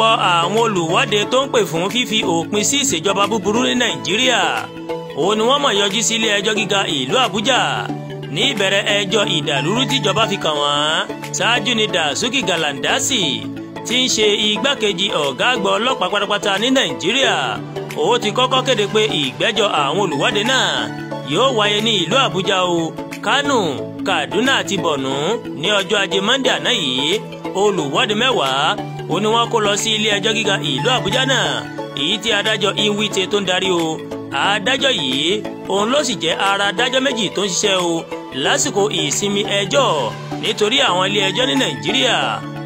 ọ̀pọ̀lọpọ̀ àwọn olùwọ́de tó ń pè fún fífi òpin sí ìṣèjọba búburú ní nàìjíríà òun ni wọ́n mọ̀ yọjú sí ilé ẹjọ́ gíga ìlú àbújá ní ìbẹ̀rẹ̀ ẹjọ́ ìdàlúrú tíjọba fi kàn wọ́n ṣáájú ni dàsúkì gàlàndásì tí ń ṣe igbákejì ọ̀gá àgbà ọlọ́pàá pátápátá ní nàìjíríà ó ti kọ́kọ́ kéde pé ìgbẹ́jọ́ àwọn olùwọ́de náà yóò wáyé ní ìlú àbújá o kánò kaduna àti borno ní ọjọ́ ajé monde àná yìí olùwọ́de mẹ́wàá ó ní wọ́n kó lọ sí ilé ẹjọ́ gíga ìlú àbújá náà èyí tí adájọ́ Nwite tó ń darí o adájọ́ yìí òun ló sì jẹ́ ara adájọ́ méjì tó ń ṣiṣẹ́ o lásìkò ìsinmi ẹjọ́ nítorí àwọn ilé ẹjọ́ ní nàìjíríà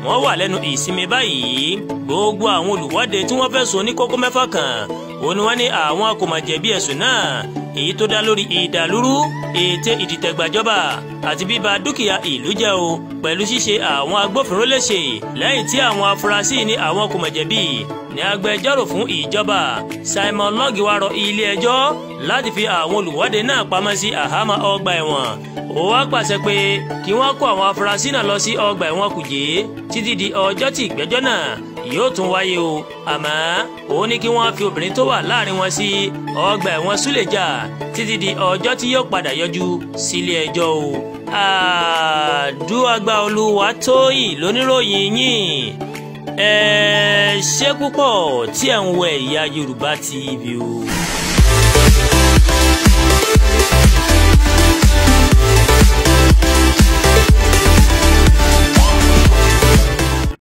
wọ́n wà lẹ́nu ìsinmi báyìí gbogbo àwọn olùwọ́de tí wọ́n fẹ̀sùn oníkókó mẹ́fà kàn òun ni wọ́n ní àwọn kò ẹ̀sùn náà èyí tó dá lórí ìdàlúrú ète ìdìtẹ̀gbàjọba àti bíba dúkìá ìlú jẹ́ o pẹ̀lú ṣíṣe àwọn agbófinró léṣe lẹ́yìn tí àwọn afurasí ní àwọn kò mọ̀jẹ̀bí ní agbẹjọ́rò fún ìjọba Simon Lọ́gì wá rọ ilé-ẹjọ́ láti fi àwọn olùwọ́de náà pamọ́ sí àhámọ́ ọgbà ẹ̀wọ̀n ó wá pàṣẹ pé kí wọ́n kó àwọn afurasí náà lọ sí ọgbà ẹ̀wọ̀n Kùjé títí di ọjọ́ tí ìgbẹ́jọ́ náà yóò tún wáyé o àmọ́ òun ní kí wọ́n fi obìnrin tó wà láàrin wọn sí ọgbà ẹ̀wọ̀n Suleja títí di ọjọ́ tí yóò padà yọjú sílé ẹjọ́ o. àdúràgbà olúwa tóyìn lóníròyìn yìí ẹ ṣé púpọ̀ tí ẹ̀ ń wo Ẹ̀yà Yorùbá TV o.